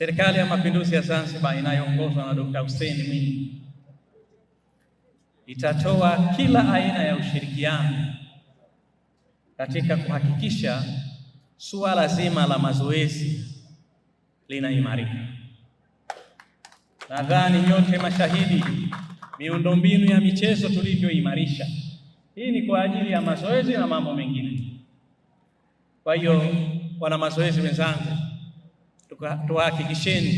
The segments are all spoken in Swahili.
Serikali ya Mapinduzi ya Zanzibar inayoongozwa na Dr. Hussein Mwinyi itatoa kila aina ya ushirikiano katika kuhakikisha suala zima la mazoezi linaimarika. Nadhani nyote mashahidi miundombinu ya michezo tulivyoimarisha. Hii ni kwa ajili ya mazoezi na mambo mengine. Kwa hiyo wana mazoezi wenzangu tuwahakikisheni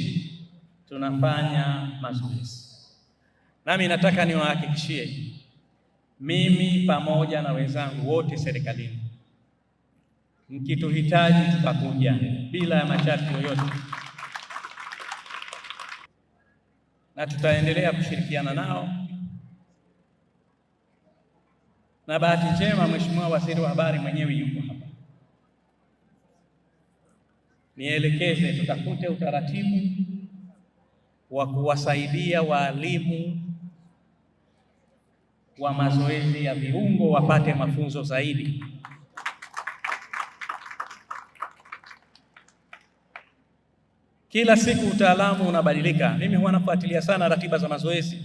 tunafanya mazoezi. Nami nataka niwahakikishie mimi pamoja na wenzangu wote serikalini, mkituhitaji tutakuja bila ya masharti yoyote, na tutaendelea kushirikiana nao. Na bahati njema, Mheshimiwa Waziri wa Habari mwenyewe yuko hapa nielekeze tutafute utaratibu wa kuwasaidia waalimu wa mazoezi ya viungo wapate mafunzo zaidi. Kila siku utaalamu unabadilika. Mimi huwa nafuatilia sana ratiba za mazoezi,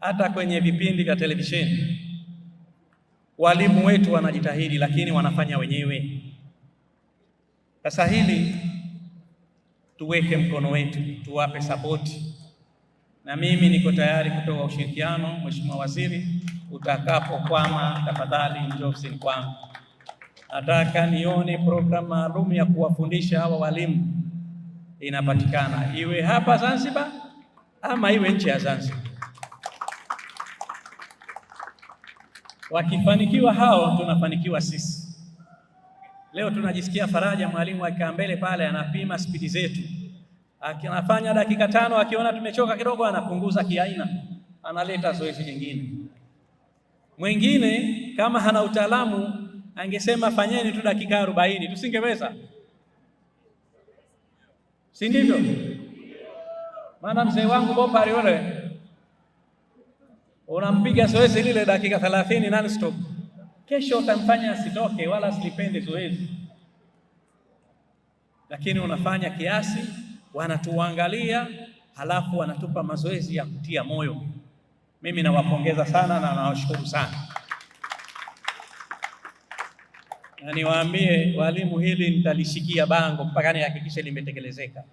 hata kwenye vipindi vya televisheni. Walimu wetu wanajitahidi, lakini wanafanya wenyewe. Sasa hili tuweke mkono wetu, tuwape sapoti, na mimi niko tayari kutoa ushirikiano. Mheshimiwa Waziri, utakapokwama tafadhali njoo ofisini kwangu. Nataka nione programu maalum ya kuwafundisha hawa walimu inapatikana, iwe hapa Zanzibar ama iwe nje ya Zanzibar. Wakifanikiwa hao, tunafanikiwa sisi. Leo tunajisikia faraja, mwalimu akikaa mbele pale anapima spidi zetu, akinafanya dakika tano, akiona tumechoka kidogo anapunguza kiaina, analeta zoezi jingine. Mwingine kama hana utaalamu angesema fanyeni tu dakika arobaini, tusingeweza, si ndivyo? Maana mzee wangu Bopari ule unampiga zoezi lile dakika thelathini non stop. Kesho utamfanya asitoke wala asilipende zoezi, lakini unafanya kiasi, wanatuangalia halafu wanatupa mazoezi ya kutia moyo. Mimi nawapongeza sana na nawashukuru sana, na niwaambie walimu, hili nitalishikia bango mpaka nihakikishe limetekelezeka.